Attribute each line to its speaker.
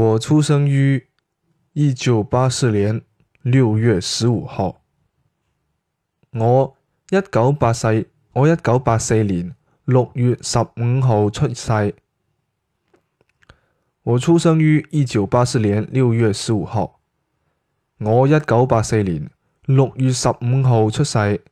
Speaker 1: 我出生於一九八四年六月十五號。我一九八四，我一九八四年六月十五號出世。我出生於一九八四年六月十五號。我一九八四年六月十五號出世。